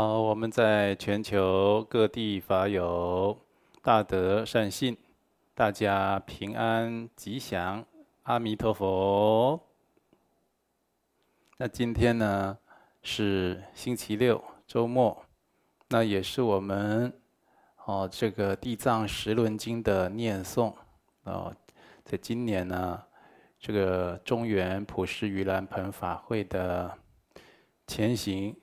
好，我們在全球各地法友大德善信，大家平安吉祥，阿彌陀佛。那今天呢是星期六週末，那也是我們哦這個地藏十輪經的念誦哦，在今年呢這個中元普施盂蘭盆法會的前行。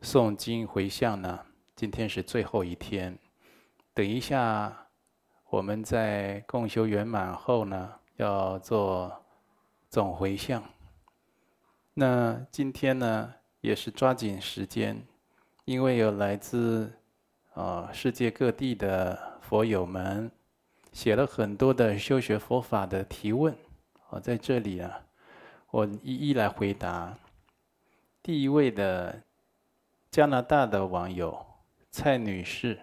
誦經回向呢，今天是最後一天，等一下，我們在共修圓滿後呢，要做總回向。那今天呢，也是抓緊時間，因為有來自啊世界各地的佛友們，寫了很多的修學佛法的提問，啊，在這裡啊，我一一來回答。第一位的。加拿大的網友蔡女士，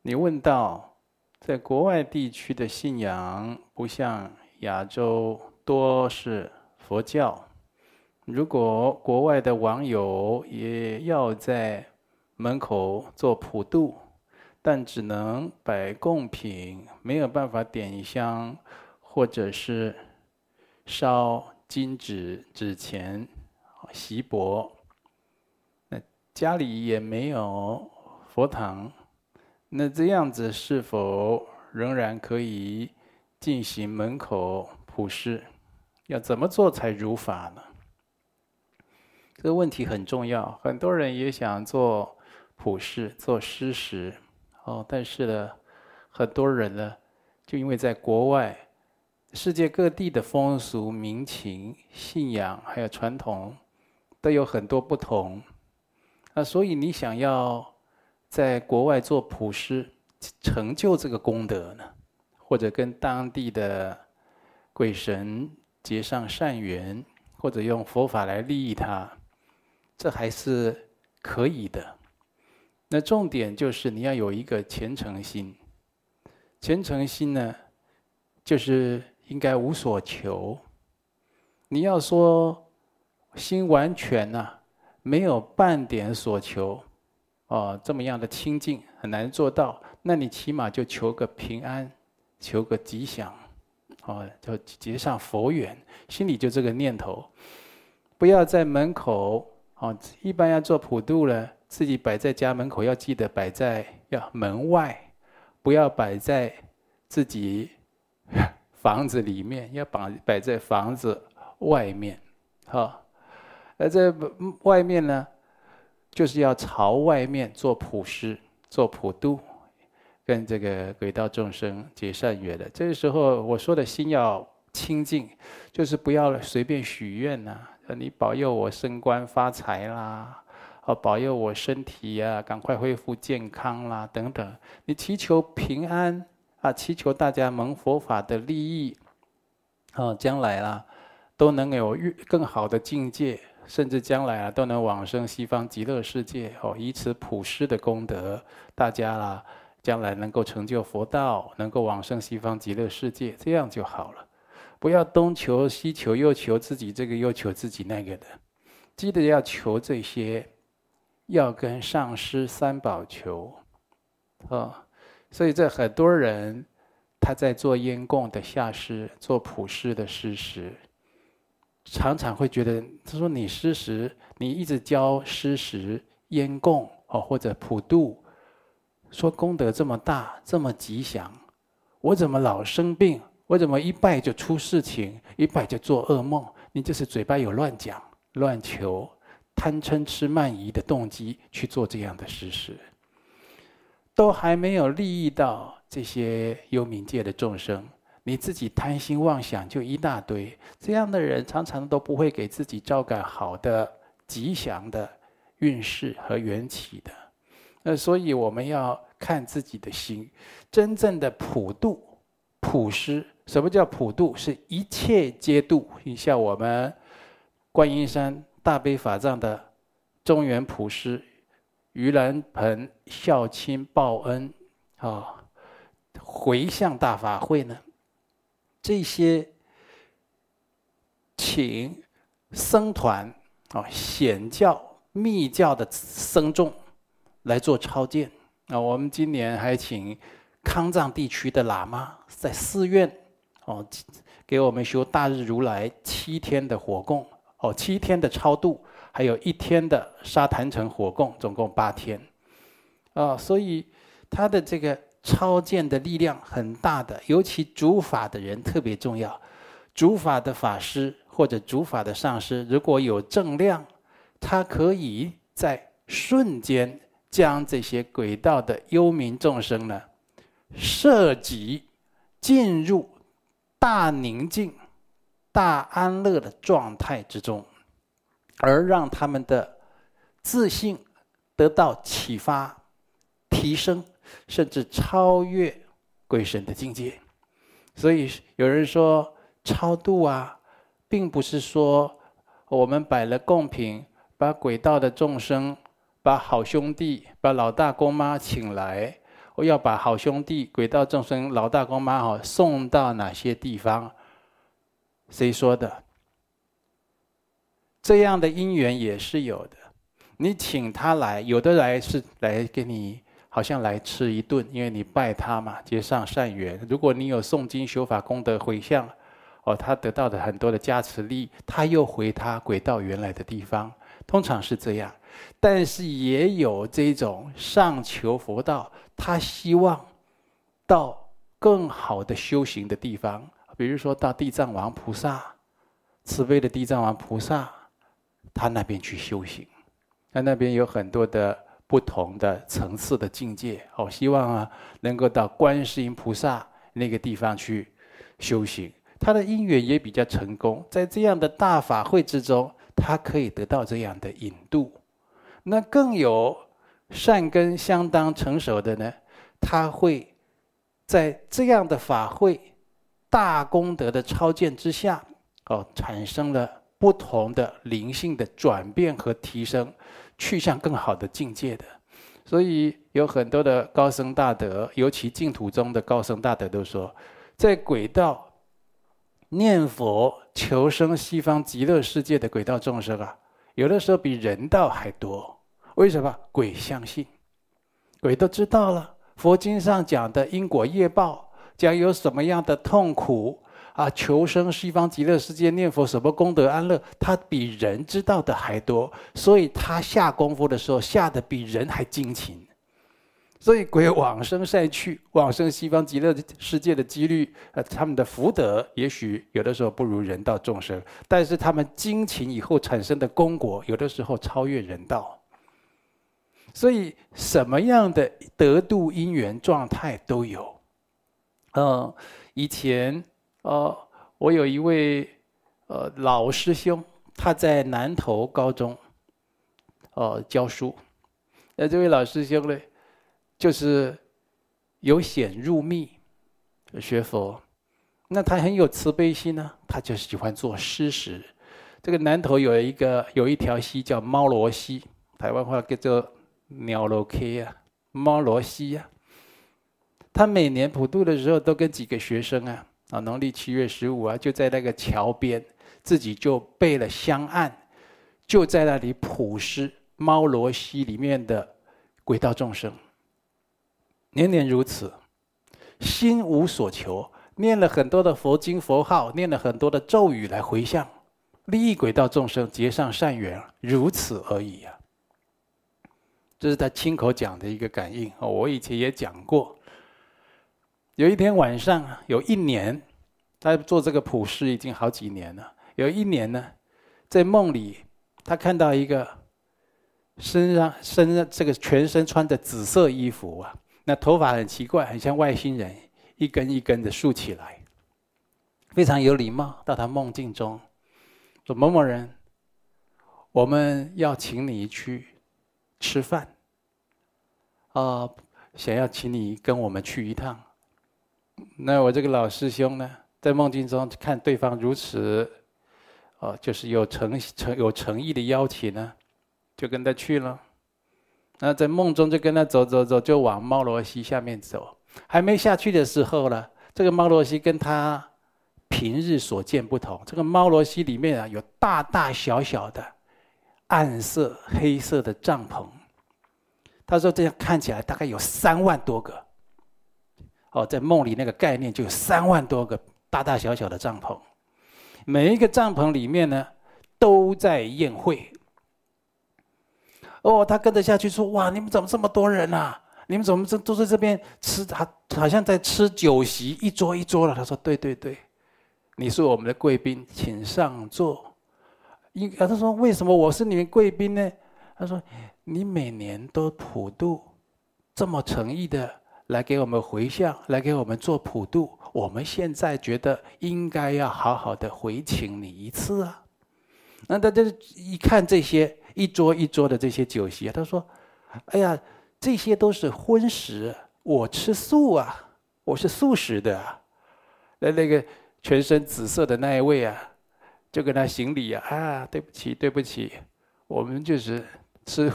你問到，在國外地區的信仰不像亞洲多是佛教。如果國外的網友也要在門口做普度，但只能擺供品，沒有辦法點香，或者是燒金紙、紙錢、錫箔。家裡也沒有佛堂，那這樣子是否仍然可以進行門口普施？要怎麼做才如法呢？這個問題很重要。很多人也想做普施、做施食，哦，但是呢，很多人呢，就因為在國外，世界各地的風俗民情、信仰還有傳統都有很多不同。那所以你想要在國外做普施，成就這個功德呢，或者跟當地的鬼神結上善緣，或者用佛法來利益他，這還是可以的。那重點就是你要有一個虔誠心，虔誠心呢，就是應該無所求。你要說心完全吶、啊。沒有半點所求，哦，這麼樣的清淨很難做到。那你起碼就求個平安，求個吉祥，哦，就結上佛緣，心裡就這個念頭。不要在門口，哦，一般要做普度了，自己擺在家門口要記得擺在要門外，不要擺在自己房子裡面，要擺擺在房子外面，哈、哦。而在外面呢，就是要朝外面做普施、做普渡，跟這個鬼道眾生結善緣的。這個時候我說的心要清淨，就是不要隨便許願吶、啊，你保佑我升官發財啦，啊，保佑我身體呀、啊、趕快恢復健康啦等等。你祈求平安啊，祈求大家蒙佛法的利益，啊，將來啦都能有越更好的境界。甚至將來啊，都能往生西方極樂世界哦！以此普施的功德，大家啦、啊，將來能夠成就佛道，能夠往生西方極樂世界，這樣就好了。不要東求西求，又求自己這個，又求自己那個的。記得要求這些，要跟上師三寶求哦。所以，這很多人他在做煙供的下師，做普施的事實。常常會覺得，他說你施食，你一直教施食，煙供哦，或者普度。說功德這麼大，這麼吉祥，我怎麼老生病？我怎麼一拜就出事情，一拜就做噩夢？你就是嘴巴有亂講、亂求、貪嗔痴慢疑的動機去做這樣的施食。都還沒有利益到這些幽冥界的眾生。你自己貪心妄想就一大堆，這樣的人常常都不會給自己招感好的吉祥的運勢和緣起的。那所以我們要看自己的心，真正的普度普施。什麼叫普度？是一切皆度。你像我們觀音山大悲法藏的中元普施，盂蘭盆孝親報恩啊，回向大法會呢，這些請僧團啊、哦、顯教、密教的僧眾來做超薦，啊、哦，我們今年還請康藏地區的喇嘛在寺院哦，給我們修大日如來七天的火供哦，七天的超度，還有一天的沙壇城火供，總共八天啊、哦。所以他的這個。超薦的力量很大的，尤其主法的人特別重要。主法的法師或者主法的上師，如果有正量，他可以在瞬間將這些鬼道的幽冥眾生呢，涉及進入大寧靜、大安樂的狀態之中，而讓他們的自信得到啟發、提升。甚至超越鬼神的境界，所以有人說超度啊，並不是說我們擺了供品，把鬼道的眾生、把好兄弟、把老大公媽請來，我要把好兄弟、鬼道眾生、老大公媽好送到哪些地方？誰說的？這樣的因緣也是有的。你請他來，有的來是來給你，好像來吃一頓，因為你拜他嘛，結上善緣。如果你有誦經修法功德回向，哦，他得到的很多的加持力，他又回他軌道原來的地方，通常是這樣。但是也有這種上求佛道，他希望到更好的修行的地方，比如說到地藏王菩薩，慈悲的地藏王菩薩，他那邊去修行，他那邊有很多的。不同的層次的境界，好、哦、希望啊，能夠到觀世音菩薩那個地方去修行，他的因緣也比較成功，在這樣的大法會之中，他可以得到這樣的引渡。那更有善根相當成熟的呢，他會在這樣的法會大功德的超薦之下，哦，產生了不同的靈性的轉變和提升，去向更好的境界的，所以有很多的高僧大德，尤其淨土中的高僧大德都說，在鬼道念佛求生西方極樂世界的鬼道眾生啊，有的時候比人道還多。為什麼？鬼相信，鬼都知道了佛經上講的因果業報，講有什麼樣的痛苦。啊，求生西方極樂世界念佛，什麼功德安樂，他比人知道的還多。所以，他下功夫的時候，下的比人還精勤。所以，鬼往生善趣，往生西方極樂世界的幾率，呃，他們的福德也許有的時候不如人道眾生，但是他們精勤以後產生的功果，有的時候超越人道。所以，什麼樣的得度因緣狀態都有。嗯，以前。哦、呃，我有一位呃老師兄，他在南投高中，哦、呃、教書。那這位老師兄呢，就是由顯入密學佛。那他很有慈悲心呢、啊，他就喜歡做施食。這個南投有一個有一條溪叫貓羅溪，台灣話叫做鳥羅溪啊，貓羅溪呀、啊。他每年普渡的時候，都跟幾個學生啊。啊，農曆七月十五啊，就在那個橋邊，自己就備了香案，就在那裡普施貓羅溪裡面的鬼道眾生。年年如此，心無所求，念了很多的佛經佛號，念了很多的咒語來回向利益鬼道眾生，結上善緣，如此而已呀、啊。這是他親口講的一個感應啊，我以前也講過。有一天晚上，有一年，他做這個普施已經好幾年了。有一年呢，在夢裡，他看到一個身上身上這個全身穿着紫色衣服啊，那頭髮很奇怪，很像外星人，一根一根的豎起來，非常有禮貌。到他夢境中，說某某人，我們要請你去吃飯，啊，想要請你跟我們去一趟。那我這個老師兄呢，在夢境中看對方如此，哦，就是有誠誠有誠意的邀請呢，就跟他去了。那在夢中就跟他走走走，就往貓羅溪下面走。還沒下去的時候呢，這個貓羅溪跟他平日所見不同。這個貓羅溪裡面啊，有大大小小的暗色黑色的帳篷。他說這樣看起來大概有三萬多個。哦，在夢裡那個概念就有三萬多個大大小小的帳篷，每一個帳篷裡面呢都在宴會。哦，他跟着下去說：“哇，你們怎麼這麼多人啊？你們怎麼這都在這邊吃？好，好像在吃酒席，一桌一桌的。”他說：“對對對，你是我們的貴賓，請上座。”應，他說：“為什麼我是你們貴賓呢？”他說：“你每年都普度這麼誠意的。”來給我們回向，來給我們做普渡。我們現在覺得應該要好好的回請你一次啊！那大家一看這些一桌一桌的這些酒席，他說：“哎呀，這些都是葷食，我吃素啊，我是素食的。”那那個全身紫色的那一位啊，就跟他行禮啊：“啊，對不起，對不起，我們就是吃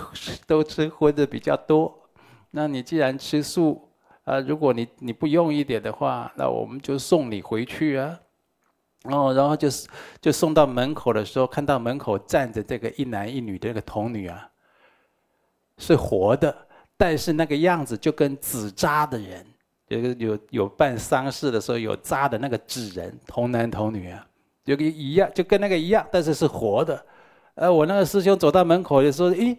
都吃葷的比較多。那你既然吃素。”啊，如果你你不用一點的話，那我們就送你回去啊。哦，然後就是就送到門口的時候，看到門口站着這個一男一女的那個童女啊，是活的，但是那個樣子就跟紙扎的人，就是、有有有辦喪事的時候有扎的那個紙人童男童女啊，就跟個一樣，就跟那個一樣，但是是活的。呃，我那個師兄走到門口的時候，咦，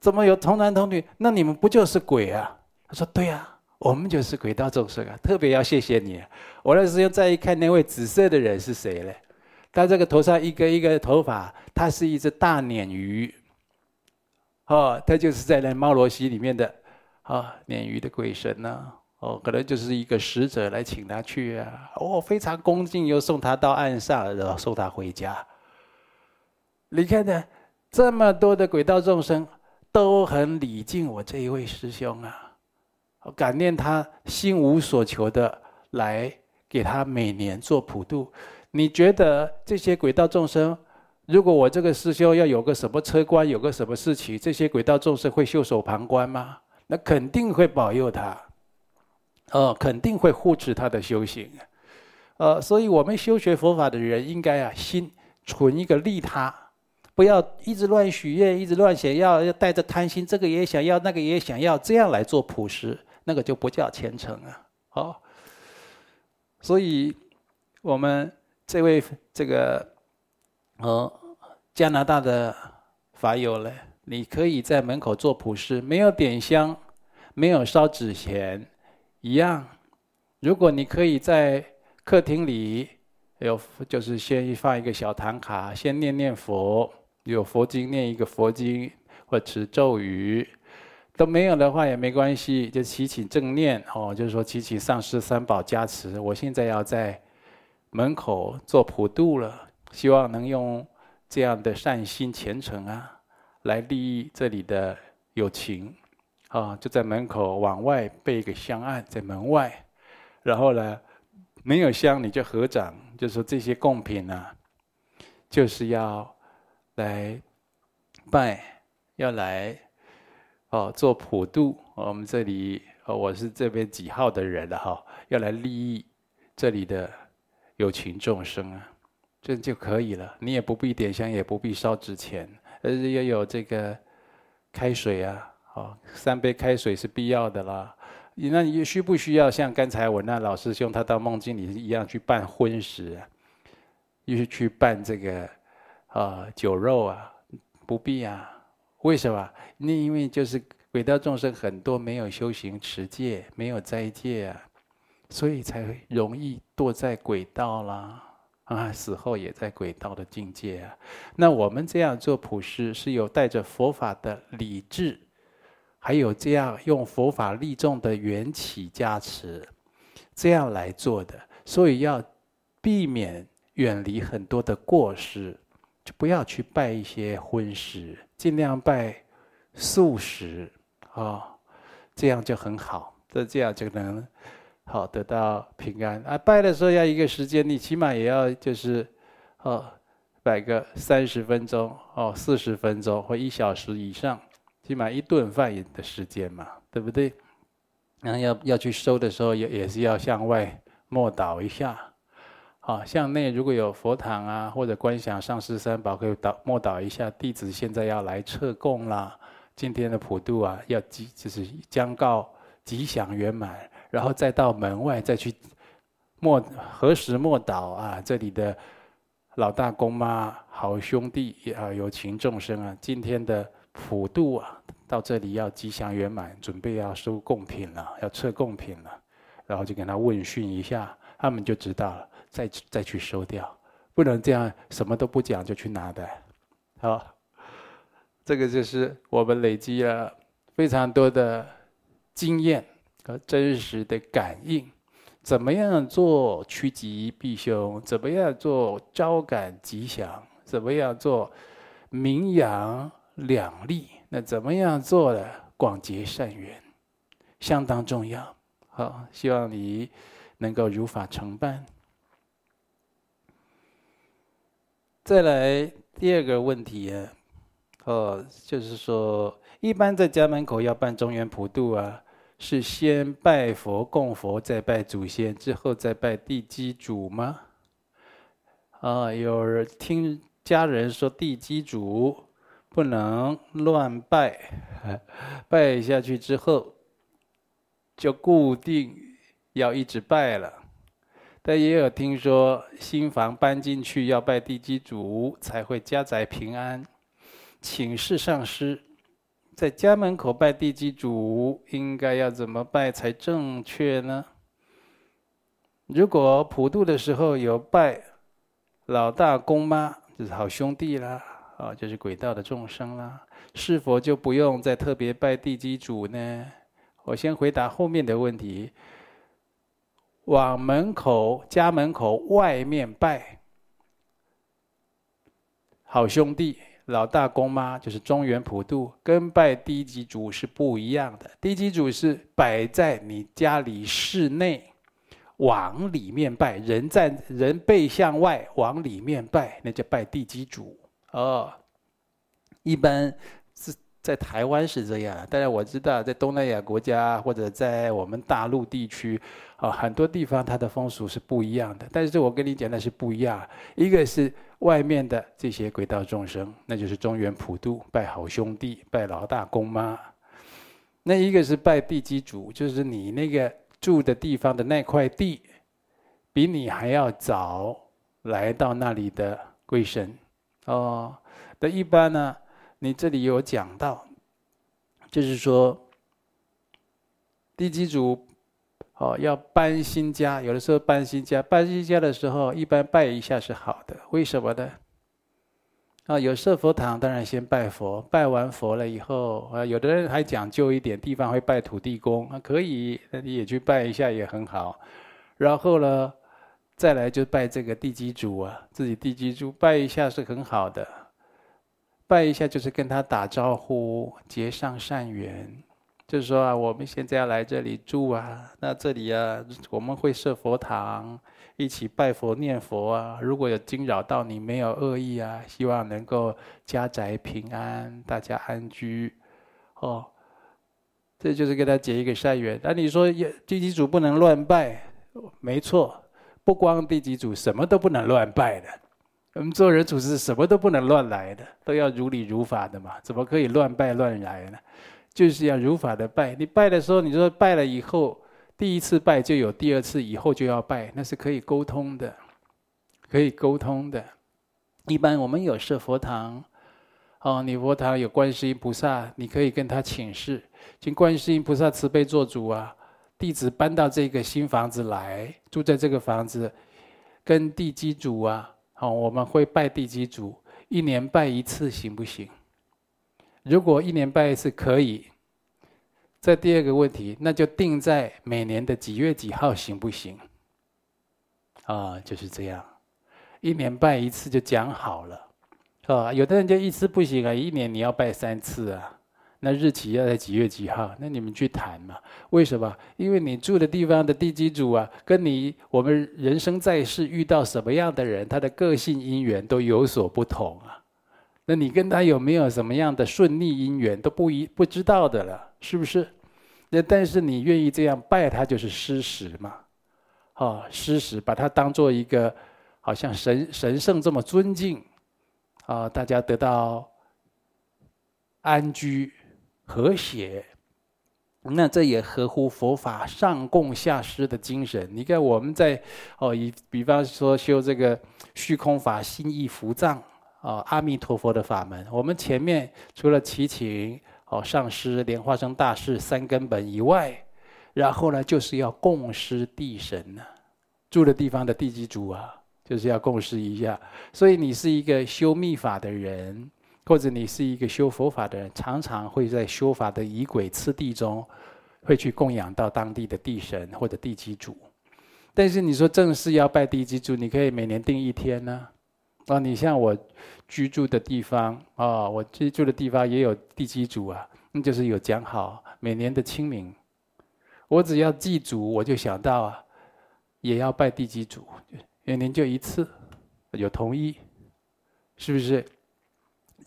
怎麼有童男童女？那你們不就是鬼啊？他說：“對呀、啊，我們就是鬼道眾生啊！特別要謝謝你、啊。我那時候再一看那位紫色的人是誰呢？他這個頭上一根一根的頭髮，他是一隻大鯰魚。哦，他就是在那貓羅溪裡面的，哦，鯰魚的鬼神呢？哦，可能就是一個使者來請他去啊！哦，非常恭敬，又送他到岸上，然後送他回家。你看呢、啊？這麼多的鬼道眾生都很禮敬我這一位師兄啊！”感念他心無所求的來給他每年做普度，你覺得這些鬼道眾生，如果我這個師兄要有個什麼車關，有個什麼事情，這些鬼道眾生會袖手旁觀嗎？那肯定會保佑他，呃，肯定會護持他的修行，呃，所以我們修學佛法的人應該啊，心存一個利他，不要一直亂許願，一直亂想要，要帶着貪心，這個也想要，那個也想要，這樣來做普施。那個就不叫虔誠了，好，所以我們這位這個、哦，呃加拿大的法友嘞，你可以在門口做普施，沒有點香，沒有燒紙錢，一樣。如果你可以在客廳裡有，就是先放一個小唐卡，先念念佛，有佛經念一個佛經，或持咒語。都沒有的話也沒關係，就提起正念哦，就是說提起上師三寶加持。我現在要在門口做普渡了，希望能用這樣的善心虔誠啊，來利益這裡的有情。啊，就在門口往外備一個香案在門外，然後呢，沒有香你就合掌，就是說這些供品呢，就是要來拜，要來。哦，做普度，我們這裡，我是這邊幾號的人了哈、哦？要來利益這裡的有情眾生啊，這就可以了。你也不必點香，也不必燒紙錢，而是要有這個開水啊，哦，三杯開水是必要的啦。你那你需不需要像剛才我那老師兄他到夢境裡一樣去辦葷食啊？又去辦這個啊酒肉啊？不必啊。為什麼？那因為就是鬼道眾生很多沒有修行持戒，沒有齋戒啊，所以才會容易墮在鬼道了啊！死後也在鬼道的境界啊。那我們這樣做普施，是有帶着佛法的理智，還有這樣用佛法利眾的緣起加持，這樣來做的。所以要避免遠離很多的過失，就不要去拜一些葷食。盡量拜素食，啊，這樣就很好，這這樣就能好，哦，得到平安。啊，拜的時候要一個時間，你起碼也要就是，哦，擺個三十分鐘，哦，四十分鐘或一小時以上，起碼一頓飯的時間嘛，對不對？然後要要去收的時候，也也是要向外默禱一下。啊，向內如果有佛堂啊，或者觀想上師三寶，可以禱，默禱一下弟子，現在要來撤供了，今天的普度啊，要即就是將告吉祥圓滿，然後再到門外再去默，何時默禱啊？這裡的老大公媽、好兄弟啊、有情眾生啊，今天的普度啊，到這裡要吉祥圓滿，準備要收供品了、啊，要撤供品了、啊，然後就跟他問訊一下，他們就知道了。再再去收掉，不能這樣什麼都不講就去拿的，好，這個就是我們累積了非常多的經驗和真實的感應。怎麼樣做趨吉避凶？怎麼樣做招感吉祥？怎麼樣做冥陽兩利？那怎麼樣做的廣結善緣，相當重要。好，希望你能夠如法承辦。再來第二個問題啊，哦，就是說，一般在家門口要辦中元普度啊，是先拜佛、供佛，再拜祖先，之後再拜地基主嗎？啊、哦，有人聽家人說地基主不能亂拜，拜下去之後就固定要一直拜了。但也有聽說新房搬進去要拜地基主，才會家宅平安。請示上師，在家門口拜地基主應該要怎麼拜才正確呢？如果普渡的時候有拜老大公媽，就是好兄弟啦，啊，就是鬼道的眾生啦，是否就不用再特別拜地基主呢？我先回答後面的問題。往門口、家門口外面拜，好兄弟、老大公媽就是中元普度，跟拜地基主是不一樣的。地基主是擺在你家裡室內，往裡面拜，人在，人背向外，往裡面拜，那就拜地基主哦。一般。在台灣是這樣，當然我知道，在東南亞國家或者在我們大陸地區，啊、哦，很多地方它的風俗是不一樣的。但是，我跟你講，那是不一樣。一個是外面的這些鬼道眾生，那就是中元普渡，拜好兄弟，拜老大公媽；那一個是拜地基主，就是你那個住的地方的那塊地，比你還要早來到那裡的鬼神。哦，那一般呢？你這裡有講到，就是說地基主哦，要搬新家，有的時候搬新家，搬新家的時候一般拜一下是好的，為什麼呢？啊，有設佛堂當然先拜佛，拜完佛了以後啊，有的人還講究一點，地方會拜土地公，啊，可以，那你也去拜一下也很好。然後呢，再來就拜這個地基主啊，自己地基主拜一下是很好的。拜一下就是跟他打招呼，結上善緣。就是說啊，我們現在要來這裡住啊，那這裡啊，我們會設佛堂，一起拜佛念佛啊。如果有驚擾到你，沒有惡意啊，希望能夠家宅平安，大家安居哦。這就是跟他結一個善緣。那、啊、你說地基主不能亂拜。沒錯，不光地基主，什麼都不能亂拜的。我們做人處事什麼都不能亂來的，都要如理如法的嘛，怎麼可以亂拜亂來呢？就是要如法的拜。你拜的時候，你說拜了以後，第一次拜就有，第二次以後就要拜，那是可以溝通的，可以溝通的。一般我們有設佛堂，哦，你佛堂有觀世音菩薩，你可以跟他請示，請觀世音菩薩慈悲做主啊，弟子搬到這個新房子來，住在這個房子，跟地基主啊。好、哦，我們會拜地基主？一年拜一次行不行？如果一年拜一次可以，這第二個問題，那就定在每年的幾月幾號行不行？啊、哦，就是這樣，一年拜一次就講好了，啊、哦，有的人就一次不行啊，一年你要拜三次啊。那日期要在幾月幾號？那你們去談嘛？為什麼？因為你住的地方的地基主啊，跟你我們人生在世遇到什麼樣的人，他的個性因緣都有所不同啊。那你跟他有沒有什麼樣的順逆因緣，都不一不知道的了，是不是？那但是你願意這樣拜他，就是施食嘛？啊、哦，施食，把他當做一個好像神神聖這麼尊敬啊、哦，大家得到安居。和諧，那這也合乎佛法上供下施的精神。你看，我們在哦，以比方說修這個虛空法心意伏藏啊、哦，阿彌陀佛的法門，我們前面除了祈請哦上師、蓮花生大士三根本以外，然後呢，就是要供施地神呢，住的地方的地基主啊，就是要供施一下。所以，你是一個修密法的人。或者你是一個修佛法的人，常常會在修法的儀軌、次第中，會去供養到當地的地神或者地基主。但是你說正式要拜地基主，你可以每年定一天呢、啊。啊，你像我居住的地方啊、哦，我居住的地方也有地基主啊，那就是有講好每年的清明，我只要祭祖，我就想到啊，也要拜地基主，每年就一次，有同意，是不是？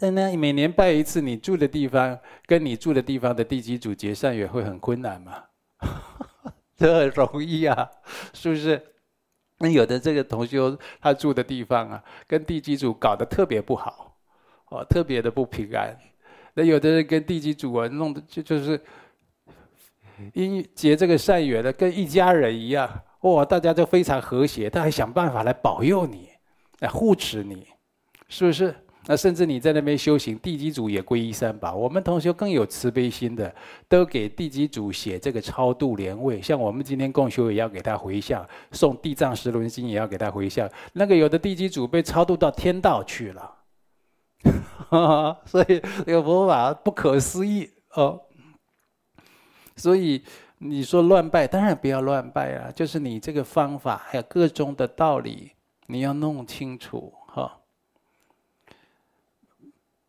那那每年拜一次，你住的地方跟你住的地方的地基主結善緣會很困難嗎？ 這很容易啊，是不是？那有的這個同修他住的地方啊，跟地基主搞得特別不好，哦，特別的不平安。那有的人跟地基主啊，弄得就就是因結這個善緣的，跟一家人一樣，哇，大家就非常和諧，他還想辦法來保佑你，來護持你，是不是？那甚至你在那邊修行，地基主也皈依三寶，我們同學更有慈悲心的，都給地基主寫這個超度蓮位。像我們今天共修也要給他回向，送地藏十輪經也要給他回向。那個有的地基主被超度到天道去了， 所以那個佛法不可思議哦。所以你說亂拜當然不要亂拜啊，就是你這個方法還有各種的道理，你要弄清楚。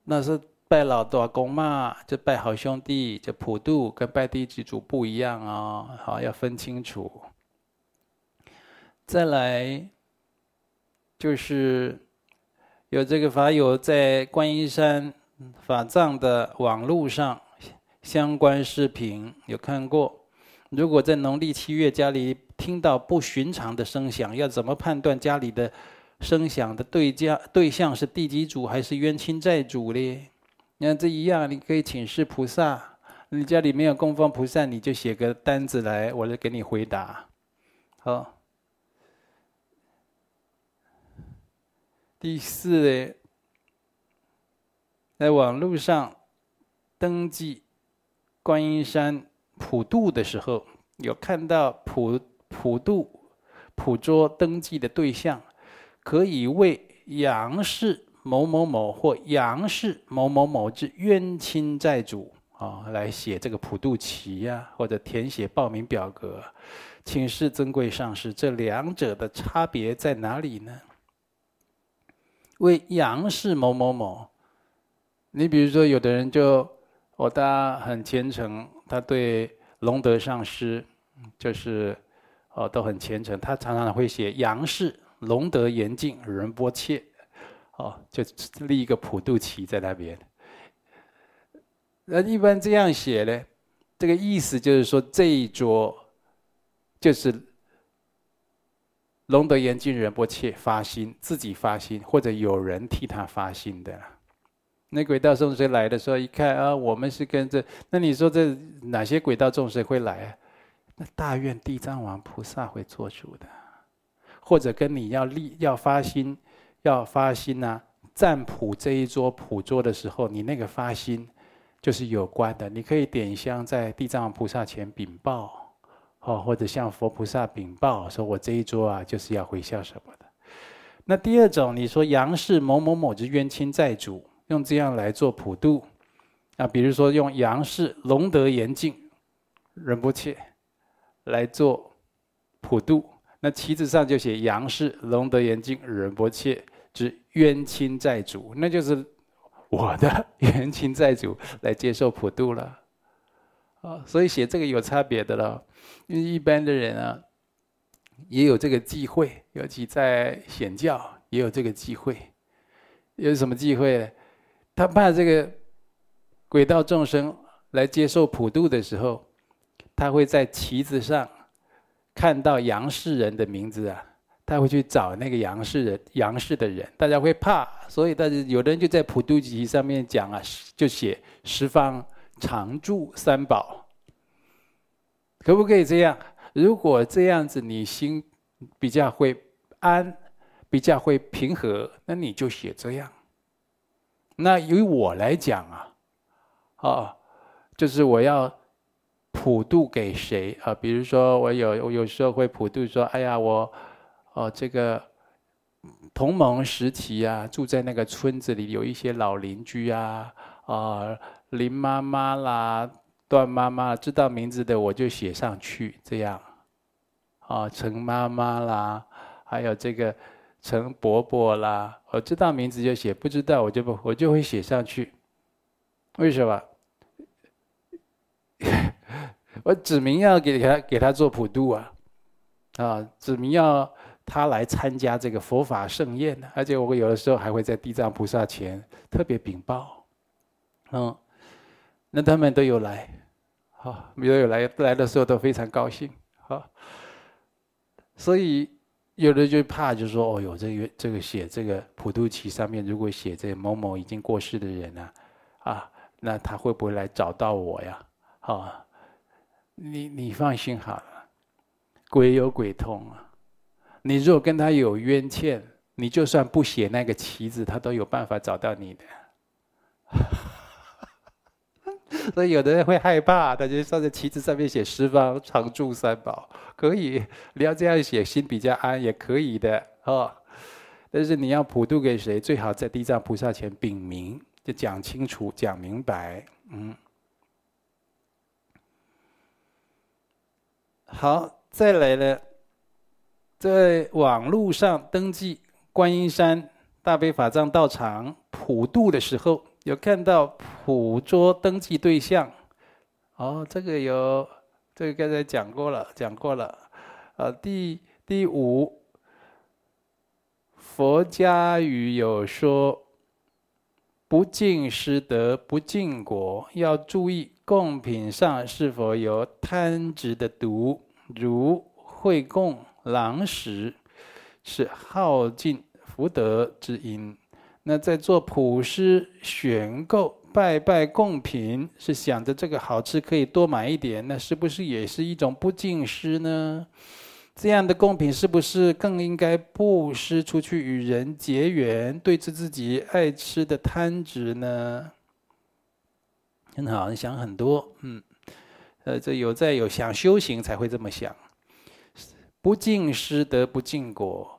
那是拜老大公媽，就拜好兄弟，就普渡，跟拜地基主不一樣哦，好，要分清楚。再來，就是有這個法友在觀音山法藏的網路上相關視頻有看過。如果在農曆七月家裡聽到不尋常的聲響，要怎麼判斷家裡的？聲響的對家對象是地基主還是冤親債主嘞？你看這一樣，你可以請示菩薩。你家裡沒有供奉菩薩，你就寫個單子來，我來給你回答。好。第四嘞，在網絡上登記觀音山普渡的時候，有看到普普渡普桌登記的對象。可以為陽世某某某或陽世某某某之冤親債主啊，來寫這個普渡旗呀、啊，或者填寫報名表格，請示尊貴上師，這兩者的差別在哪裡呢？為陽世某某某，你比如說，有的人就，他很虔誠，他對龍德上師，就是，哦，都很虔誠，他常常會寫陽世。龍德嚴淨仁波切，哦，就立一個普度旗在那邊。那一般這樣寫嘞，這個意思就是說，這一桌就是龍德嚴淨仁波切發心，自己發心，或者有人替他發心的。那鬼道眾生來的時候，一看啊，我們是跟着……那你說這哪些鬼道眾生會來啊？那大願地藏王菩薩會做主的。或者跟你要立要發心，要發心啊！贊普這一桌普桌的時候，你那個發心就是有關的。你可以點香在地藏王菩薩前稟報，哦，或者向佛菩薩稟報，說我這一桌啊，就是要回向什麼的。那第二種，你說陽世某某某之冤親債主，用這樣來做普渡啊，比如說用陽世龍德嚴淨仁波切來做普渡。那旗子上就寫“陽世龍德嚴淨仁波切之冤親債主”，那就是我的冤親債主來接受普渡了，啊，所以寫這個有差別的了。因為一般的人啊，也有這個忌諱，尤其在顯教也有這個忌諱。有什麼忌諱？他怕這個鬼道眾生來接受普渡的時候，他會在旗子上。看到陽世人的名字啊，他會去找那個陽世人，陽世的人，大家會怕，所以大家有的人就在普渡集上面講啊，就寫十方常住三寶，可不可以這樣？如果這樣子，你心比較會安，比較會平和，那你就寫這樣。那由我來講啊，哦，就是我要。普度給誰啊、呃？比如說，我有我有時候會普度說：“哎呀，我哦、呃、這個同盟時期啊，住在那個村子裡有一些老鄰居啊，啊、呃、林媽媽啦、段媽媽，知道名字的我就寫上去，這樣啊，陳、呃、媽媽啦，還有這個陳伯伯啦，我知道名字就寫，不知道我就不我就會寫上去，為什麼？”我指名要給他給他做普渡啊，啊，指名要他來參加這個佛法盛宴，而且我有的時候還會在地藏菩薩前特別稟報，嗯、啊，那他們都有來，好、啊，都有來來的時候都非常高興，好、啊，所以有的就怕就說，哦喲、這個，這個這個寫這個普渡旗上面如果寫這某某已經過世的人呢、啊，啊，那他會不會來找到我呀？好、啊。你你放心好了，鬼有鬼通啊！你如果跟他有冤欠，你就算不寫那個旗子，他都有辦法找到你的。 所以有的人會害怕，他就放在旗子上面寫十方常住三寶，可以。你要這樣寫，心比較安，也可以的啊、哦。但是你要普渡給誰，最好在地藏菩薩前稟明，就講清楚、講明白，嗯。好，再來了，在網絡上登記觀音山大悲法藏道場普渡的時候，有看到普桌登記對象。哦，這個有，這個剛才講過了，講過了。啊，第第五，佛家語有說。不淨施得，不淨果，要注意供品上是否有貪執的毒，如薈供狼食，是耗盡福德之因。那在做普施選購、拜拜供品，是想着這個好吃可以多買一點，那是不是也是一種不淨施呢？這樣的貢品是不是更應該布施出去，與人結緣，對治自己愛吃的貪執呢？很、嗯、好，你想很多，嗯，呃，這有在有想修行才會這麼想，不淨施得不淨果，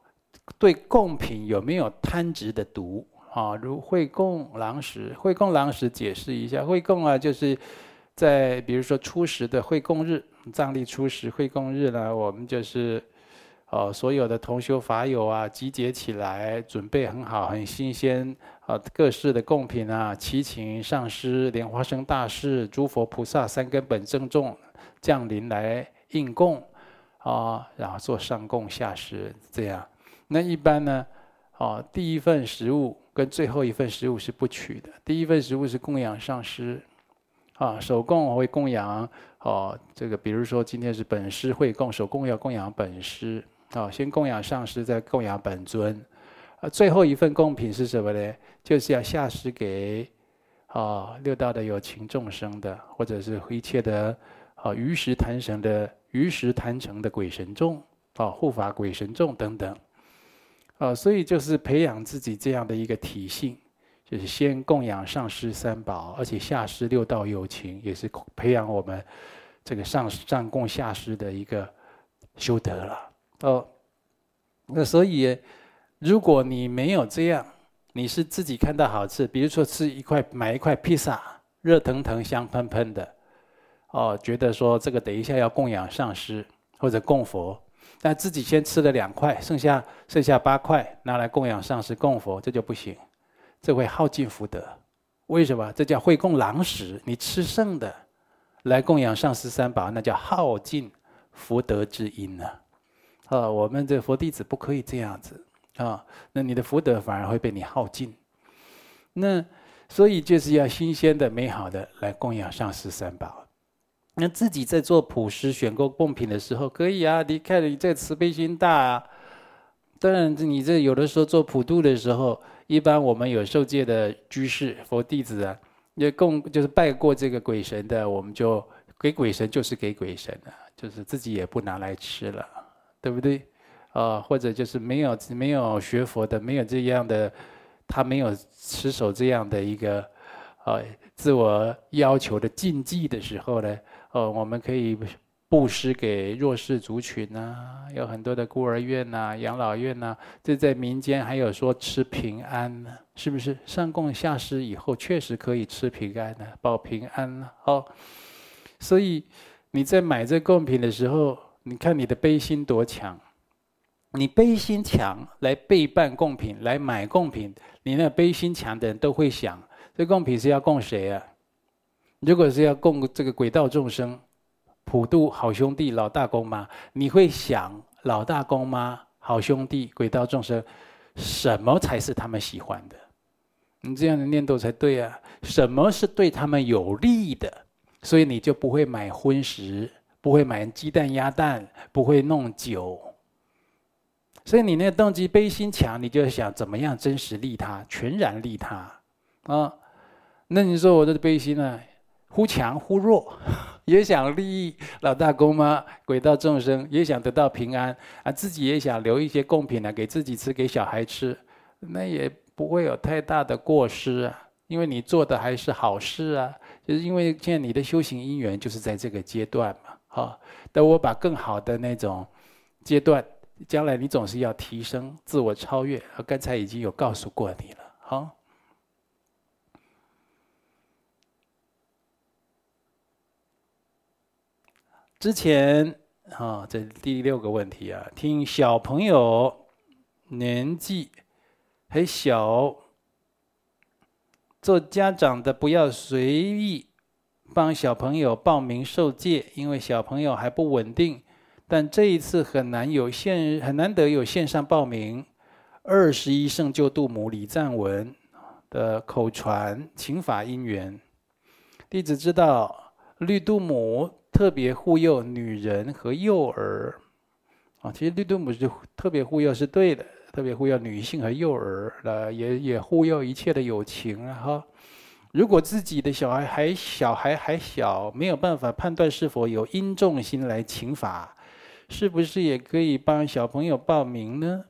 對貢品有沒有貪執的毒啊、哦？如薈供狼食，薈供狼食解釋一下，薈供啊，就是在比如說初十的薈供日。藏曆初十會供日呢，我們就是，哦，所有的同修法友啊，集結起來，準備很好，很新鮮，啊、哦，各式的供品啊，祈請上師、蓮花生大師、諸佛菩薩、三根本正眾降臨來應供，啊、哦，然後做上供下施。這樣。那一般呢，哦，第一份食物跟最後一份食物是不取的，第一份食物是供養上師。啊，首供會供養哦，這個比如說今天是本師會供，首供要供養本師，啊，先供養上師，再供養本尊，啊，最後一份供品是什麼呢？就是要下施給，啊，六道的有情眾生的，或者是一切的，啊，於食壇神的，於食壇城的鬼神眾，啊，護法鬼神眾等等，啊，所以就是培養自己這樣的一個體性。就是先供養上師三寶，而且下施六道有情，也是培養我們這個上上供下施的一個修德了。哦，那所以如果你沒有這樣，你是自己看到好吃，比如說吃一塊買一塊披薩，熱騰騰、香噴噴的，哦，覺得說這個等一下要供養上師或者供佛，那自己先吃了兩塊，剩下剩下八塊拿來供養上師供佛，這就不行。這會耗盡福德，為什麼？這叫薈供狼食。你吃剩的，來供養上師三寶，那叫耗盡福德之因呢。啊，我們這佛弟子不可以這樣子啊。那你的福德反而會被你耗盡。那所以就是要新鮮的、美好的來供養上師三寶。那自己在做普施、選購供品的時候可以啊。你看你這慈悲心大，啊。但是你這有的時候做普度的時候。一般我們有受戒的居士、佛弟子啊，也供就是拜過這個鬼神的，我們就給鬼神就是給鬼神的啊，就是自己也不拿來吃了，對不對？啊，或者就是沒有沒有學佛的，沒有這樣的，他沒有持守這樣的一個，呃，自我要求的禁忌的時候呢，呃，我們可以。布施給弱勢族群吶、啊，有很多的孤兒院吶、啊、養老院吶、啊，這在民間還有說吃平安、啊，是不是上供下施以後確實可以吃平安呢、啊？保平安、啊、好，所以你在買這貢品的時候，你看你的悲心多強，你悲心強來備辦貢品來買貢品，你那悲心強的人都會想，這貢品是要供誰啊？如果是要供這個鬼道眾生。普度好兄弟老大公嗎？你會想老大公嗎？好兄弟、鬼道眾生，什麼才是他們喜歡的？你這樣的念頭才對啊！什麼是對他們有利的？所以你就不會買葷食，不會買雞蛋鴨蛋，不會弄酒。所以你那個動機悲心強，你就想怎麼樣真實利他、全然利他啊？那你說我的悲心呢、啊？忽強忽弱，也想利益老大公媽，鬼道眾生也想得到平安啊，自己也想留一些供品呢、啊，給自己吃，給小孩吃，那也不會有太大的過失啊，因為你做的還是好事啊。就是因為現在你的修行因緣就是在這個階段嘛，好。等我把更好的那種階段，將來你總是要提升、自我超越。剛才已經有告訴過你了，好。之前啊、哦，這是第六個問題啊，聽小朋友年紀還小，做家長的不要隨意幫小朋友報名受戒，因為小朋友還不穩定。但這一次很難有線，很難得有線上報名。二十一聖救度母禮讚文的口傳，請法因緣，弟子知道綠度母。特別護佑女人和幼兒，啊、哦，其實綠度母是特別護佑是對的，特別護佑女性和幼兒呃，也也護佑一切的有情啊哈、哦。如果自己的小孩還小孩還小，沒有辦法判斷是否有殷重心來請法，是不是也可以幫小朋友報名呢？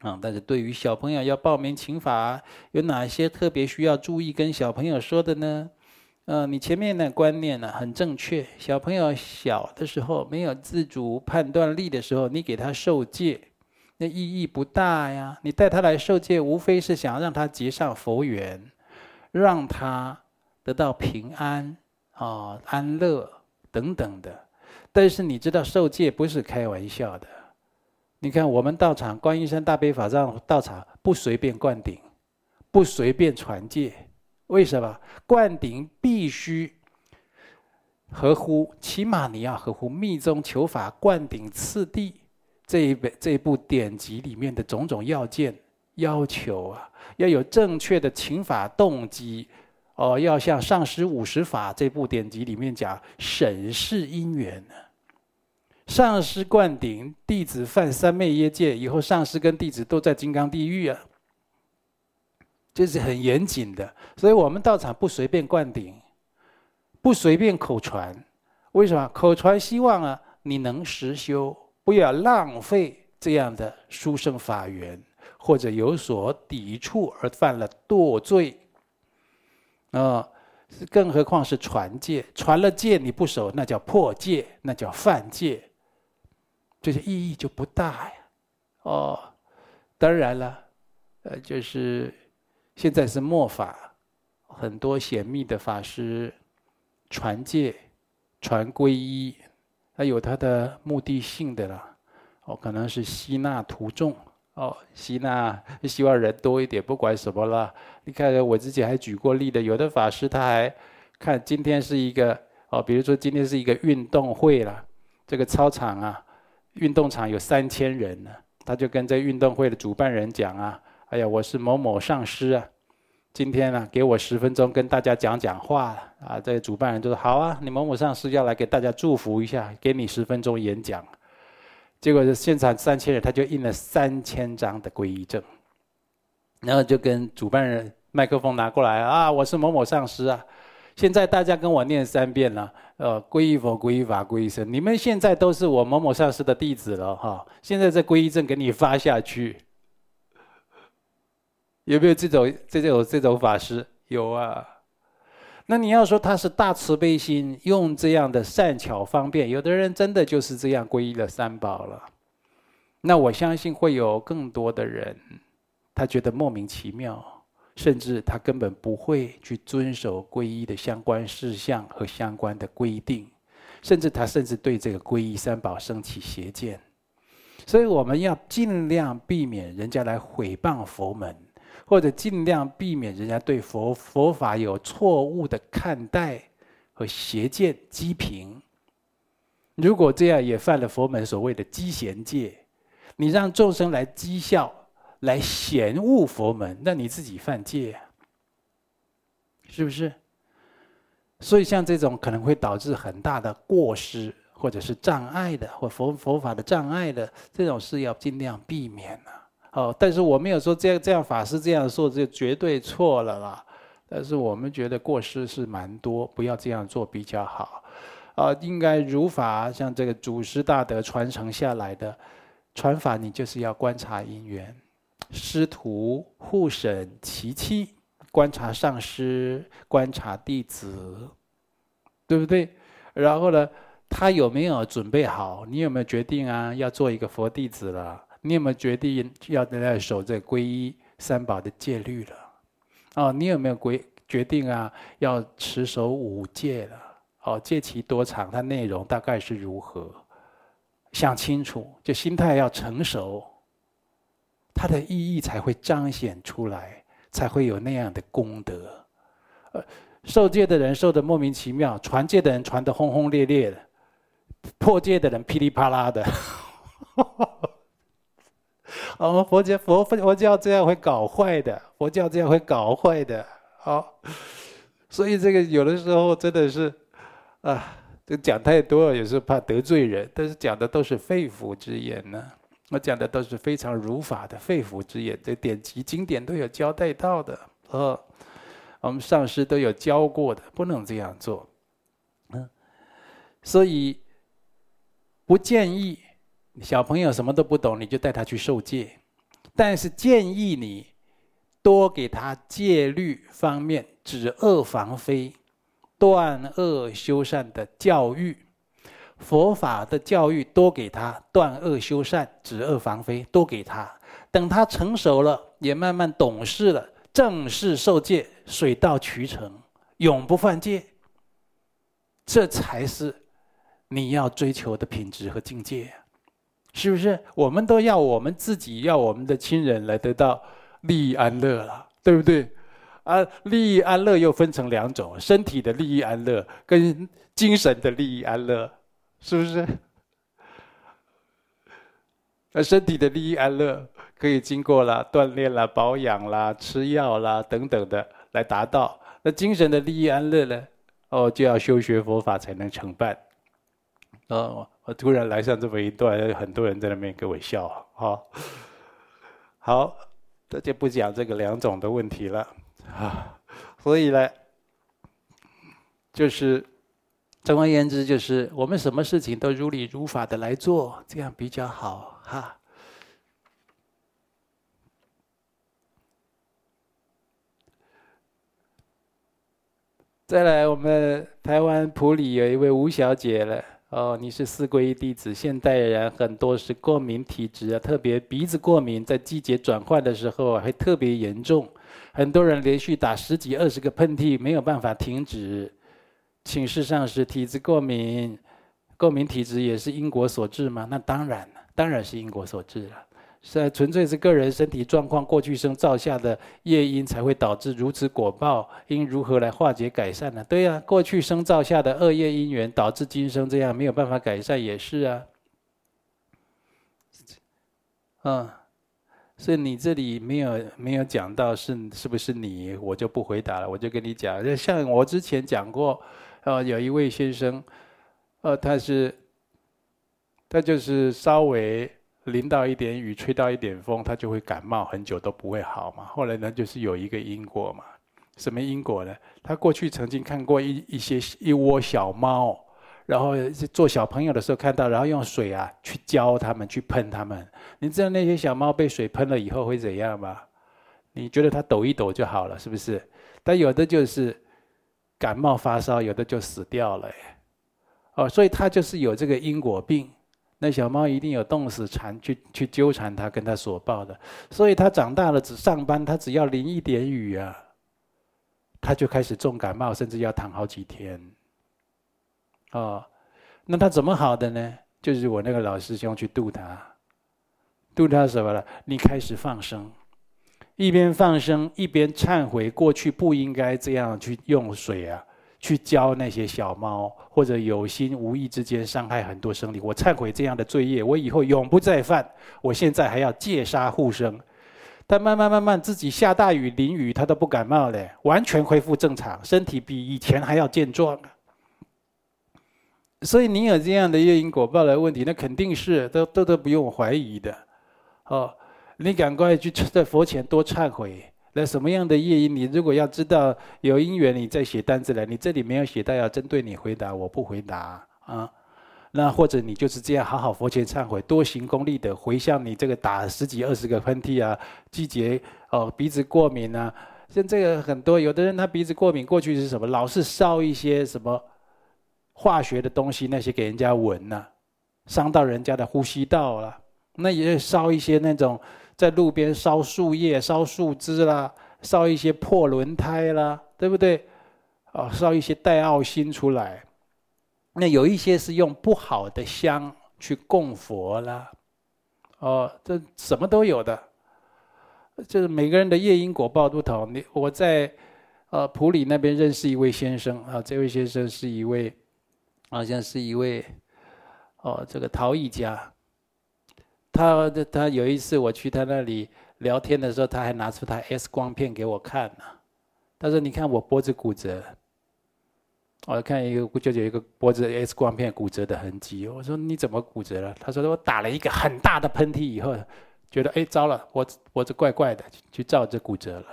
啊、哦，但是對於小朋友要報名請法，有哪些特別需要注意跟小朋友說的呢？嗯，你前面的觀念呢，很正確。小朋友小的時候，沒有自主判斷力的時候，你給他受戒，那意義不大呀。你帶他來受戒，無非是想讓他結上佛緣，讓他得到平安、啊安樂等等的。但是你知道，受戒不是開玩笑的。你看，我們道場觀音山大悲法藏道場，不隨便灌頂，不隨便傳戒。為什麼灌頂必須合乎？起碼你要合乎《密宗求法灌頂次第》這一本這一部典籍裡面的種種要件要求啊！要有正確的請法動機哦！要像上師五十法這部典籍裡面講審視因緣，上師灌頂弟子犯三昧耶戒，以後，上師跟弟子都在金剛地獄啊！這是很嚴謹的，所以我們道場不隨便灌頂，不隨便口傳。為什麼口傳？希望啊，你能實修，不要浪費這樣的殊勝法緣，或者有所抵觸而犯了墮罪。啊，更何況是傳戒，傳了戒你不守，那叫破戒，那叫犯戒，這些意義就不大呀。哦，當然了，呃，就是。現在是末法，很多顯密的法師傳戒、傳皈依，他有他的目的性的啦。哦，可能是吸納徒眾，哦，吸納希望人多一點，不管什麼啦。你看，我自己還舉過例的，有的法師他還看今天是一個哦，比如說今天是一個運動會啦，這個操場啊，運動場有三千人，他就跟這運動會的主辦人講啊。哎呀，我是某某上師啊，今天呢、啊，給我十分鐘跟大家講講話了啊。這個主辦人就說：“好啊，你某某上師要來給大家祝福一下，給你十分鐘演講。”結果現場三千人，他就印了三千張的皈依證，然後就跟主辦人麥克風拿過來啊，我是某某上師啊，現在大家跟我念三遍了、啊，呃、啊，皈依佛、皈依法、皈依僧，你們現在都是我某某上師的弟子了哈、啊。現在這皈依證給你發下去。有沒有這種這種這種法師？有啊。那你要說他是大慈悲心，用這樣的善巧方便，有的人真的就是這樣皈依了三寶了。那我相信會有更多的人，他覺得莫名其妙，甚至他根本不會去遵守皈依的相關事項和相關的規定，甚至他甚至對這個皈依三寶生起邪見。所以我們要盡量避免人家來毀謗佛門。或者盡量避免人家對佛佛法有錯誤的看待和邪見譏評。如果這樣也犯了佛門所謂的譏嫌戒，你讓眾生來譏笑、來嫌惡佛門，那你自己犯戒是不是？所以像這種可能會導致很大的過失，或者是障礙的，或佛佛法的障礙的這種事，要盡量避免了、啊。哦，但是我沒有說這樣這樣法師這樣說就絕對錯了啦。但是我們覺得過失是蠻多，不要這樣做比較好。啊、呃，應該如法，像這個祖師大德傳承下來的傳法，你就是要觀察因緣，師徒互審其器，觀察上師，觀察弟子，對不對？然後呢，他有沒有準備好？你有沒有決定啊？要做一個佛弟子了？你有沒有決定要在守這皈依三寶的戒律了？哦，你有沒有規決定啊？要持守五戒了？哦，戒期多長？它內容大概是如何？想清楚，就心態要成熟，它的意義才會彰顯出來，才會有那樣的功德。呃，受戒的人受得莫名其妙，傳戒的人傳得轟轟烈烈的，破戒的人噼里啪啦的。 們佛教佛佛教這樣會搞壞的，佛教這樣會搞壞的。好，所以這個有的時候真的是，啊，這講太多也是怕得罪人，但是講的都是肺腑之言呢、啊。我講的都是非常如法的肺腑之言，這典籍經典都有交代到的。呃、哦，我們上師都有教過的，不能這樣做。嗯，所以不建議。小朋友什麼都不懂，你就帶他去受戒。但是建議你多給他戒律方面止惡防非、斷惡修善的教育，佛法的教育多給他斷惡修善、止惡防非，多給他。等他成熟了，也慢慢懂事了，正式受戒，水到渠成，永不犯戒。這才是你要追求的品質和境界。是不是？我們都要我們自己要我們的親人來得到利益安樂了，對不對？啊，利益安樂又分成兩種：身體的利益安樂跟精神的利益安樂，是不是？那身體的利益安樂可以經過了鍛鍊啦、保養啦、吃藥啦等等的來達到；那精神的利益安樂呢？哦，就要修學佛法才能成辦，哦。我突然來上這麼一段，很多人在那邊給我笑啊、哦！好，這就不講這個兩種的問題了啊。所以呢，就是總而言之，就是我們什麼事情都如理如法的來做，這樣比較好哈。再來，我們台灣埔里有一位巫小姐了。哦，你是四皈依弟子。現代人很多是過敏體質啊，特別鼻子過敏，在季節轉換的時候還特別嚴重。很多人連續打十幾、二十個噴嚏，沒有辦法停止。請示上師，體質過敏，過敏體質也是因果所致嗎？那當然了，當然是因果所致了。是、啊、純粹是個人身體狀況，過去生造下的業因才會導致如此果報，應如何來化解改善呢、啊？對呀、啊，過去生造下的惡業因緣導致今生這樣，沒有辦法改善也是啊。嗯，所以你這裡沒有沒有講到是是不是你，我就不回答了，我就跟你講，像我之前講過，嗯、有一位先生，呃，他是他就是稍微，淋到一點雨，吹到一點風，他就會感冒，很久都不會好嘛。後來呢，就是有一個因果嘛。什麼因果呢？他過去曾經看過一一些一窩小貓，然後做小朋友的時候看到，然後用水啊去澆他們，去噴他們。你知道那些小貓被水噴了以後會怎樣嗎？你覺得它抖一抖就好了，是不是？但有的就是感冒發燒，有的就死掉了。誒，哦，所以他就是有這個因果病。那小貓一定有凍死纏去去糾纏它，跟它索報的，所以它長大了只上班，它只要淋一點雨啊，它就開始重感冒，甚至要躺好幾天。哦，那它怎麼好的呢？就是我那個老師兄去度它，度它什麼了？你開始放生，一邊放生一邊懺悔，過去不應該這樣去用水啊。去教那些小貓，或者有心無意之間傷害很多生靈，我懺悔這樣的罪業，我以後永不再犯。我現在還要戒殺護生。但慢慢慢慢，自己下大雨淋雨，他都不感冒了，完全恢復正常，身體比以前還要健壯。所以你有這樣的業因果報的問題，那肯定是都都都不用懷疑的。哦，你趕快去在佛前多懺悔。在什麼樣的業因？你如果要知道有因緣，你再寫單子來。你這裡沒有寫到，要針對你回答，我不回答啊。那或者你就是這樣好好佛前懺悔，多行功利的，回向你這個打十幾二十個噴嚏啊，季節哦鼻子過敏啊，像這個很多，有的人他鼻子過敏，過去是什麼？老是燒一些什麼化學的東西，那些給人家聞呢，啊，傷到人家的呼吸道了，啊。那也燒一些那種。在路邊燒樹葉、燒樹枝啦，燒一些破輪胎啦，對不對？哦，燒一些帶奧心出來。那有一些是用不好的香去供佛啦，哦，這什麼都有的。就是每個人的業因果報不同。你我在呃埔里那邊認識一位先生啊、哦，這位先生是一位啊，好像是一位哦這個陶藝家。他他有一次我去他那裡聊天的時候，他還拿出他 X 光片給我看呢、啊，他說：“你看我脖子骨折。”我看一個，就有一個脖子 X 光片骨折的痕迹。我說：“你怎麼骨折了？”他說：“我打了一個很大的噴嚏以後，覺得哎，糟了，我我這怪怪的，去照着骨折了。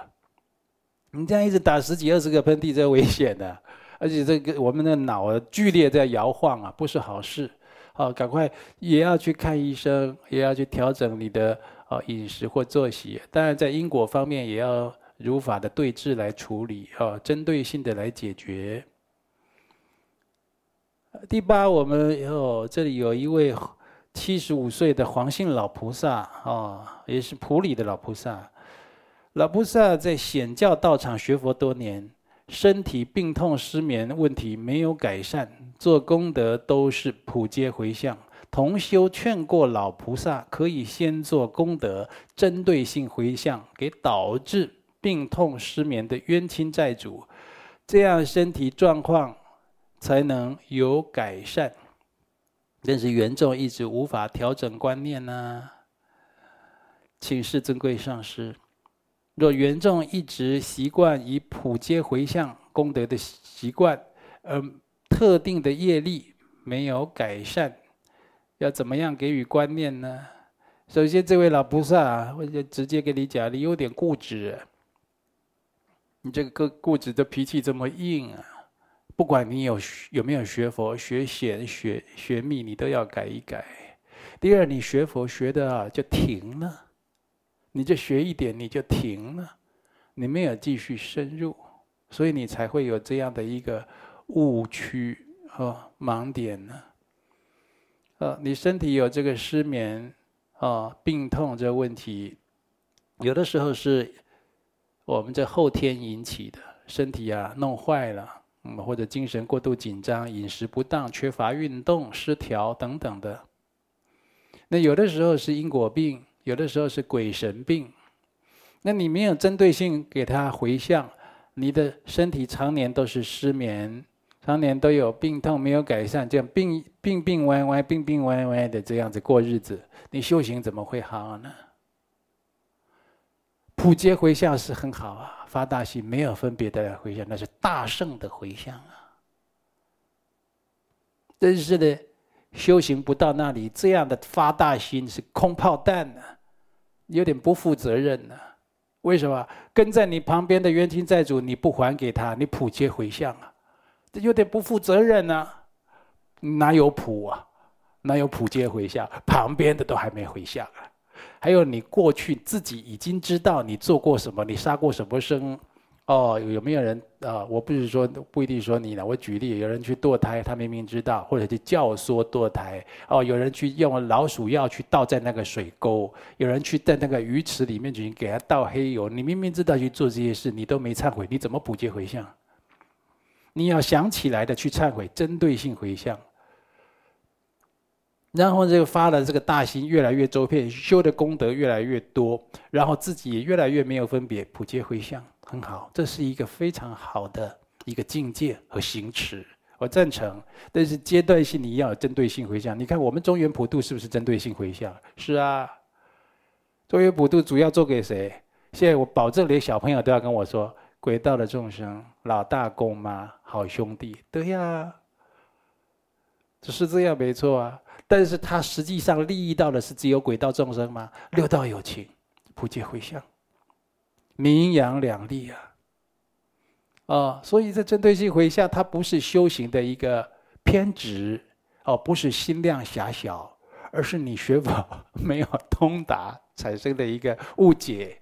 你這樣一直打十幾二十個噴嚏，這危險的、啊，而且這個我們的腦啊劇烈在搖晃啊，不是好事。”哦，趕快也要去看醫生，也要去調整你的哦飲食或作息。當然，在因果方面也要如法的對治來處理，哦，針對性的來解決。第八，我們有、哦、這裡有一位七十五歲的黃姓老菩薩，哦，也是埔里的老菩薩，老菩薩在顯教道場學佛多年。身體病痛、失眠問題沒有改善，做功德都是普皆迴向，同修勸過老菩薩，可以先做功德，針對性迴向給導致病痛、失眠的冤親債主，這樣身體狀況才能有改善。但是緣眾一直無法調整觀念呢、啊？請示尊貴上師。若緣眾一直習慣以普皆迴向功德的習慣，而特定的業力沒有改善，要怎麼樣給予觀念呢？首先，這位老菩薩啊，我就直接跟你講，你有點固執啊，你這個固固執的脾氣這麼硬啊！不管你有有沒有學佛、學顯、學學密，你都要改一改。第二，你學佛學的啊，就停了。你就學一點你就停了，你沒有繼續深入，所以你才會有這樣的一個誤區和盲點呢。呃，你身體有這個失眠啊、病痛這個問題，有的時候是我們這後天引起的，身體啊弄壞了，或者精神過度緊張、飲食不當、缺乏運動、失調等等的。那有的時候是因果病。有的時候是鬼神病，那你沒有針對性給他迴向，你的身體常年都是失眠，常年都有病痛沒有改善，這樣病病病歪歪、病病歪歪的這樣子過日子，你修行怎麼會好呢？普皆迴向是很好啊，發大心沒有分別的迴向，那是大聖的迴向啊。真是的，修行不到那裡，這樣的發大心是空炮彈呢、啊。有點不負責任呢、啊，為什麼跟在你旁邊的冤親債主你不還給他？你普皆迴向啊，這有點不負責任呢、啊，哪有普啊？哪有普皆迴向？旁邊的都還沒回向啊，還有你過去自己已經知道你做過什麼，你殺過什麼生。哦，有沒有人啊、哦？我不是說不一定說你呢。我舉例，有人去墮胎，他明明知道，或者去教唆墮胎。哦，有人去用老鼠藥去倒在那個水溝，有人去在那個魚池裡面去給他倒黑油。你明明知道去做這些事，你都沒懺悔，你怎麼普皆迴向？你要想起來的去懺悔，針對性回向。然後這個發了這個大心，越來越周遍，修的功德越來越多，然後自己也越來越沒有分別，普皆迴向。很好，這是一個非常好的一個境界和行持，我贊成。但是階段性你要有針對性回向。你看，我們中元普渡是不是針對性回向？是啊，中元普渡主要做給誰？現在我保證連小朋友都要跟我說：鬼道的眾生、老大公媽、好兄弟，對呀、啊，只、就是這樣沒錯啊。但是他實際上利益到的是只有鬼道眾生嗎？六道有情，普皆回向。名揚兩利啊！啊、哦，所以在針對性回向，它不是修行的一個偏執哦，不是心量狹小，而是你學法沒有通達產生的一個誤解。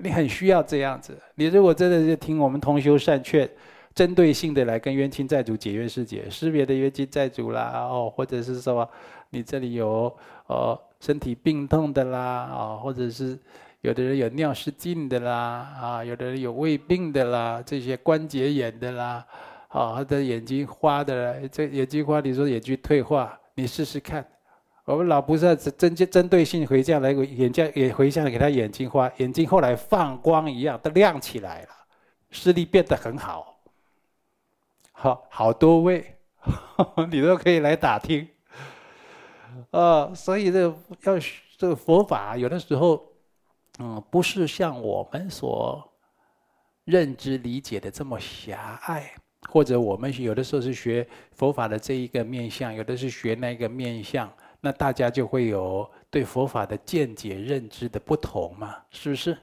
你很需要這樣子，你如果真的就聽我們同修善勸，針對性的來跟冤親債主解冤釋結識別的冤親債主啦，哦，或者是什麼，你這裡有哦身體病痛的啦，哦，或者是。有的人有尿失禁的啦，啊，有的人有胃病的啦，這些關節炎的啦，啊，他的眼睛花的啦，這眼睛花，你說眼睛退化，你試試看。我們老菩薩針針針對性迴向來，眼向也迴向給他眼睛花，眼睛後來放光一樣，都亮起來了，視力變得很好，好好多位， 你都可以來打聽，啊、哦，所以這個、要這個佛法，有的時候。嗯，不是像我們所認知理解的這麼狹隘，或者我們有的時候是學佛法的這一個面向，有的是學那個面向，那大家就會有對佛法的見解認知的不同嘛，是不是？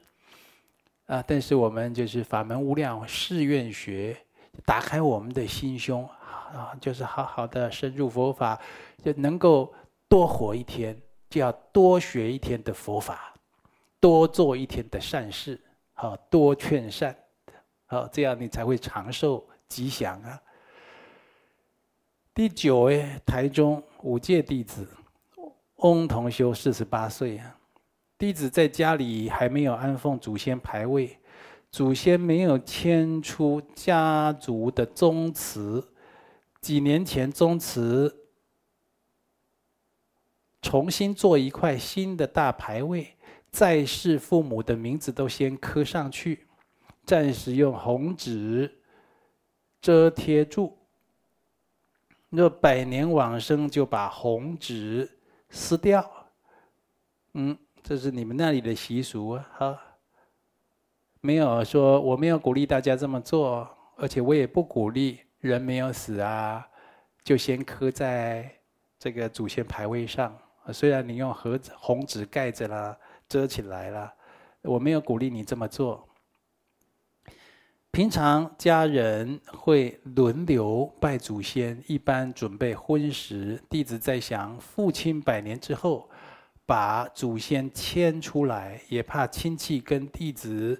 啊，但是我們就是法門無量誓願學，打開我們的心胸啊，就是好好的深入佛法，就能夠多活一天，就要多學一天的佛法。多做一天的善事，好，多勸善，好，這樣你才會長壽吉祥啊。第九位，台中五戒弟子翁同修四十八歲啊，弟子在家裡還沒有安奉祖先牌位，祖先沒有遷出家族的宗祠，幾年前宗祠重新做一塊新的大牌位。在世父母的名字都先刻上去，暫時用紅紙遮貼住。若百年往生，就把紅紙撕掉。嗯，這是你們那裡的習俗啊，哈。沒有說我沒有鼓勵大家這麼做，而且我也不鼓勵人沒有死啊，就先刻在這個祖先牌位上。雖然你用盒子紅紙蓋着了。遮起來了，我沒有鼓勵你這麼做。平常家人會輪流拜祖先，一般準備葷食，弟子在想，父親百年之後，把祖先遷出來，也怕親戚跟弟子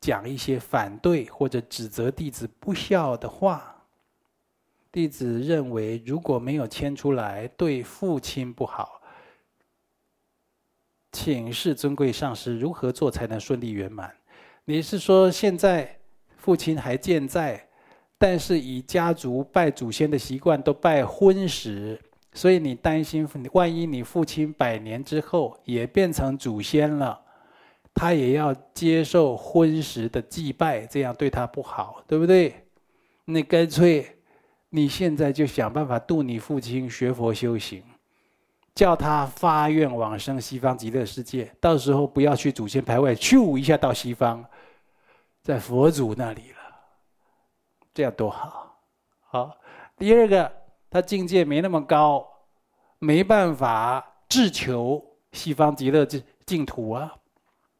講一些反對或者指責弟子不孝的話。弟子認為，如果沒有遷出來，對父親不好。請示尊貴上師如何做才能順利圓滿？你是說現在父親還健在，但是以家族拜祖先的習慣都拜葷食，所以你擔心萬一你父親百年之後也變成祖先了，他也要接受葷食的祭拜，這樣對他不好，對不對？那乾脆你現在就想辦法度你父親學佛修行。叫他發願往生西方極樂世界，到時候不要去祖先牌位，咻一下到西方，在佛祖那裡了，這樣多好。好，第二個他境界沒那麼高，沒辦法志求西方極樂淨淨土啊，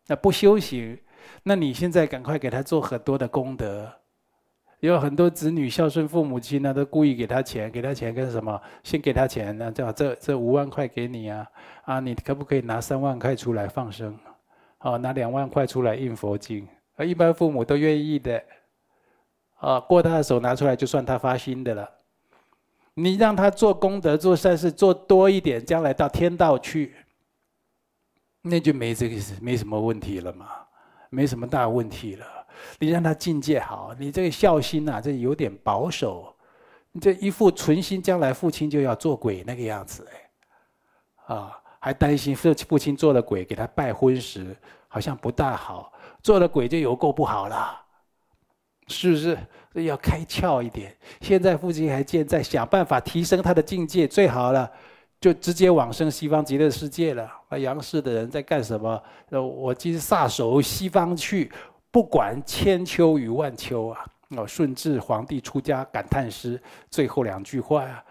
那不修行，那你現在趕快給他做很多的功德。有很多子女孝順父母親呢，都故意給他錢，給他錢幹什麼？先給他錢，那叫這這五萬塊給你啊！啊，你可不可以拿三萬塊出來放生？啊，拿兩萬塊出來印佛經？啊，一般父母都願意的。啊，過他的手拿出來就算他發心的了。你讓他做功德、做善事做多一點，將來到天道去，那就沒這個沒什麼問題了嘛，沒什麼大問題了。你讓他境界好，你這個孝心吶、啊，這有點保守。你這一副存心，將來父親就要做鬼那個樣子、哎，誒啊，還擔心父父親做了鬼，給他拜葷食好像不大好，做了鬼就有夠不好了，是不是？要開竅一點。現在父親還健在，想辦法提升他的境界最好了，就直接往生西方極樂世界了。那陽世的人在幹什麼？我今撒手西方去。不管千秋與萬秋啊，哦，順治皇帝出家感嘆詩最後兩句話啊，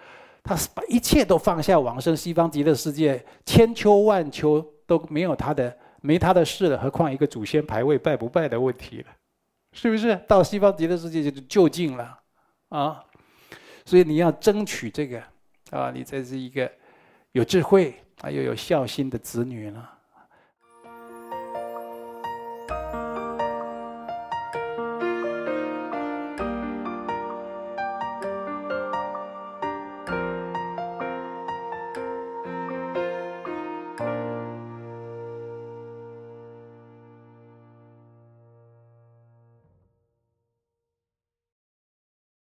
他是把一切都放下，往生西方極樂世界，千秋萬秋都沒有他的，沒他的事了。何況一個祖先牌位拜不拜的問題了，是不是？到西方極樂世界就就近了啊！所以你要爭取這個啊，你才是一個有智慧啊又有，有孝心的子女呢。